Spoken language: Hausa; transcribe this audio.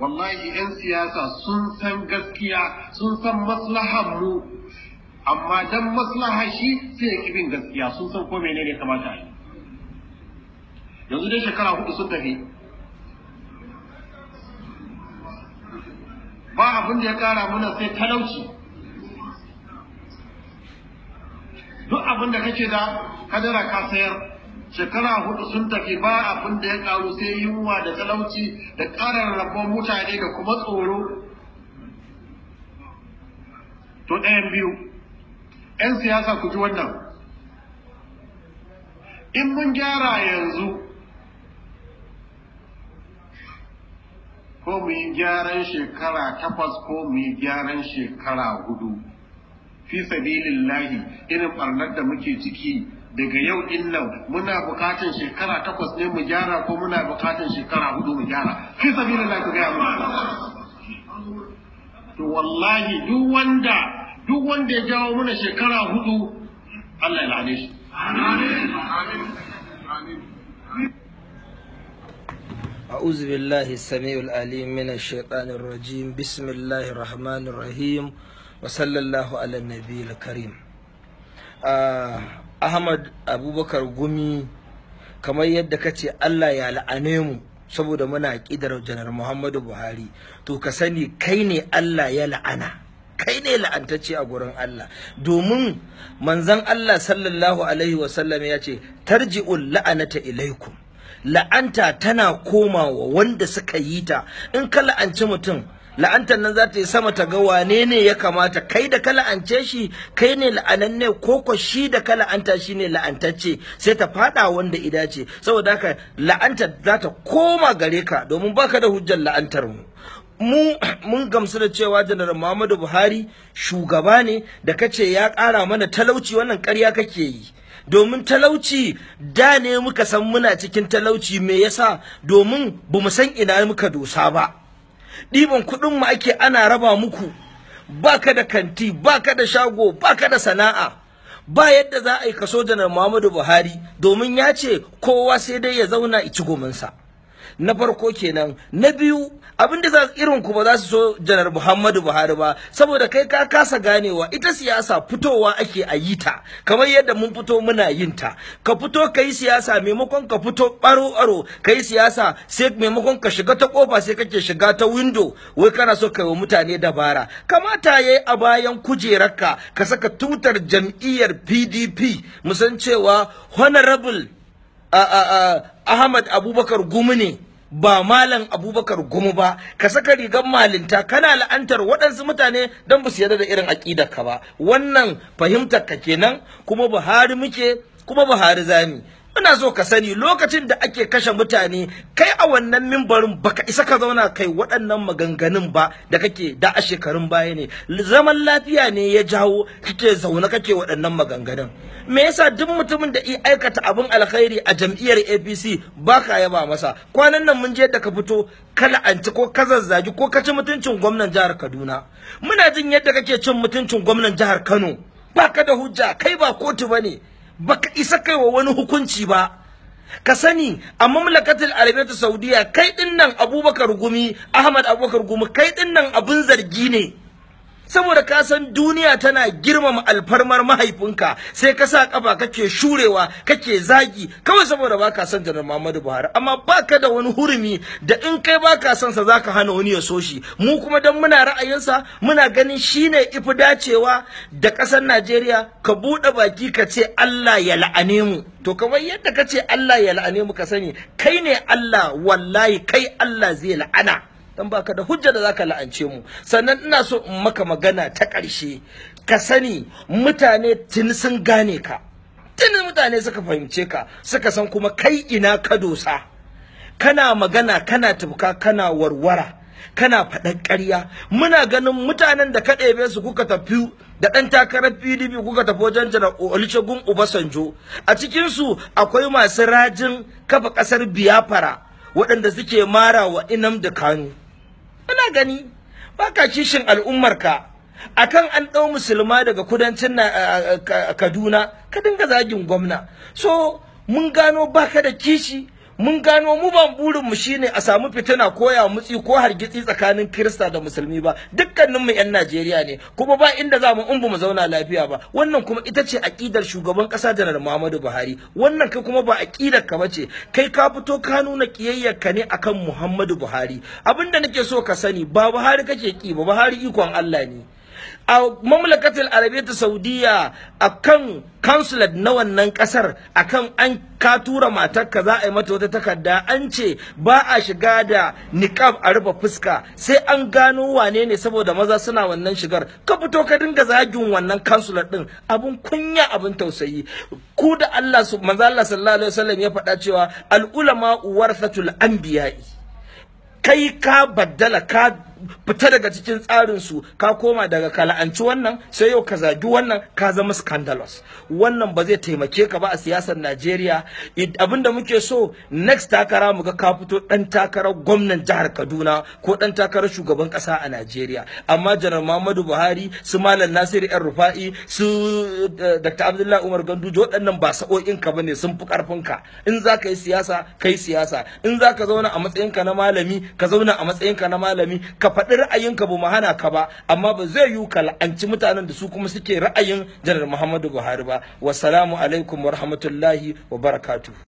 wallahi 'yan siyasa sun san gaskiya sun san maslahar mu amma dan maslaha shi sai ya bin gaskiya sun san ko menene kamata yi yanzu dai shekara hudu sun tafi ba abin da ya kara mana sai talauci duk abin da kake da kadara ka sayar shekara hudu sun tafi ba abin da ya karu sai yunwa da talauci da karar rabon mutane da kuma tsoro to ɗayan biyu 'yan siyasa ku ji wannan in mun gyara yanzu ko mu yi gyaran shekara takwas ko mu yi gyaran shekara hudu fi sabilillahi irin ɓarnar da muke ciki daga yau din nan muna bukatun shekara takwas ne mu gyara ko muna bukatun shekara hudu mu gyara fi sabila sabilillah ku gaya mana to wallahi duk wanda duk wanda ya jawo muna shekara hudu Allah ya lade shi أعوذ بالله السميع العليم من الشيطان الرجيم بسم الله الرحمن الرحيم وصلى الله على النبي الكريم آه Ahmad Abubakar Gumi kamar yadda ka ce Allah ya la'ane mu saboda muna kidar janar Muhammadu Buhari to ka sani kai ne Allah ya la'ana kai ne la'antacce a gurin Allah domin manzon Allah sallallahu alaihi wasallam ya ce tarji'ul la'anata ilaikum la'anta tana komawa wanda suka yi ta in ka la'anci mutum la'antar nan za ta yi sama ta ga wane ne ya kamata kai da ka la'ance shi kai ne la'ananne ko ko shi da ka la'anta shi ne la'antacce sai ta fada wanda ida ce saboda haka la'antar za ta koma gare ka domin baka da hujjar la'antar mu mu mun gamsu da cewa janar Muhammadu Buhari shugaba ne da kace ya ƙara mana talauci wannan karya kake yi domin talauci da ne muka san muna cikin talauci me yasa domin bamu san ina muka dosa ba ɗiban kuɗin mu ake ana raba muku baka da kanti baka da shago baka da sana'a ba yadda za a yi kaso janar Muhammadu Buhari domin ya ce kowa sai dai ya zauna ici gominsa na farko kenan na biyu abin da za irin ku ba za su so janar Muhammadu Buhari ba saboda kai ka kasa ganewa ita siyasa fitowa ake a yi ta kamar yadda mun fito muna yin ta ka fito ka yi siyasa maimakon ka fito baro ka yi siyasa sai maimakon ka shiga ta kofa sai kake shiga ta windo wai kana so kai wa mutane dabara kamata yayi a bayan kujerarka ka saka tutar jam'iyyar PDP mu san cewa honorable a Ahmad Abubakar Gumu ne ba malam Abubakar Gumu ba ka saka rigar malinta kana la'antar waɗansu mutane don ba su yarda da irin aƙidarka ba wannan fahimtar ka kenan kuma Buhari muke kuma Buhari zami ina so ka sani lokacin da ake kashe mutane kai a wannan mimbarin baka isa ka zauna kai waɗannan maganganun ba da kake da a shekarun baya ne zaman lafiya ne ya jawo kake zaune kake waɗannan maganganun me yasa duk mutumin da i aikata abun alkhairi a jam'iyyar APC baka yaba masa kwanan nan mun je da ka fito ka la'anci ko ka zazzagi ko ka ci mutuncin gwamnan jihar Kaduna muna jin yadda kake cin mutuncin gwamnan jihar Kano baka da hujja kai ba kotu bane baka isa kai wa wani hukunci ba ka sani a mamlakatul arabiyyatu saudiya kai ɗinnan abubakar gumi ahmad abubakar gumi kai ɗinnan abun zargi ne saboda ka san duniya tana girmama alfarmar mahaifinka sai ka sa kafa kake shurewa kake zagi kawai saboda baka son janar Muhammadu Buhari amma baka da wani hurumi da in kai baka son sa zaka hana wani ya so shi mu kuma dan muna ra'ayinsa muna ganin shine ifi dacewa da ƙasar Najeriya ka buɗe baki ka ce Allah ya la'ane mu to kamar yadda ka ce Allah ya la'ane mu ka sani kai ne Allah wallahi kai Allah zai la'ana dan baka da hujja da zaka la'ance mu sannan ina so in maka magana ta ƙarshe ka sani mutane tun sun gane ka tun mutane suka fahimce ka suka san kuma kai ina ka dosa kana magana kana tufka kana warwara kana faɗan ƙarya muna ganin mutanen da ka ɗebe su kuka tafi da ɗan takarar PDP kuka tafi wajen jana Olusegun Obasanjo a cikinsu akwai masu rajin kafa ƙasar biyafara, waɗanda suke mara wa inam da kanu ana gani baka kishin al'ummarka akan an ɗau musulma daga kudancin na Kaduna ka dinga zagin gwamna so mun gano baka da kishi mun gano mu ban burin mu shine a samu fitina ko ya mutsi ko hargitsi tsakanin Kirista da Musulmi ba dukkanin mu ƴan Najeriya ne kuma ba inda za mu umbu mu zauna lafiya ba wannan kuma ita ce akidar shugaban ƙasa Janar Muhammadu Buhari wannan kai kuma ba akidar ka bace kai ka fito ka nuna kiyayyar ka ne akan Muhammadu Buhari abinda nake so ka sani ba Buhari kake ki ba Buhari ikon Allah ne a mamlakatul arabiyyar saudiya kan kansulat na wannan kasar akan an ka tura matarka za a yi mata wata takarda an ce ba a shiga da niqab a rufe fuska sai an gano wane ne saboda maza suna wannan shigar ka fito ka dinga zagin wannan kansulat din abin kunya abin tausayi ku da Allah su manzo Allah sallallahu alaihi ya faɗa cewa al ulama warathatul anbiya'i kai ka baddala ka fita daga cikin tsarin su ka koma daga kala'anci wannan sai yau ka zagi wannan ka zama scandalous wannan ba zai taimake ka ba a siyasar Najeriya abinda muke so next takara mu ga ka fito dan takarar gwamnan jihar Kaduna ko dan takarar shugaban kasa a Najeriya amma janar Muhammadu Buhari su Malam Nasiru Yan Rufa'i su eh, Dr. Abdullahi Umar Ganduje waɗannan ba sa'o'in ka bane sun fi karfin ka in za ka yi siyasa kai siyasa in za ka zauna a matsayinka na malami ka zauna a matsayinka na malami ka ka faɗi ra'ayinka ba mu hana ka ba amma ba zai yiwu ka la'anci mutanen da su kuma suke ra'ayin janar muhammadu buhari ba wasalamu alaikum wa rahmatullahi wa barakatuh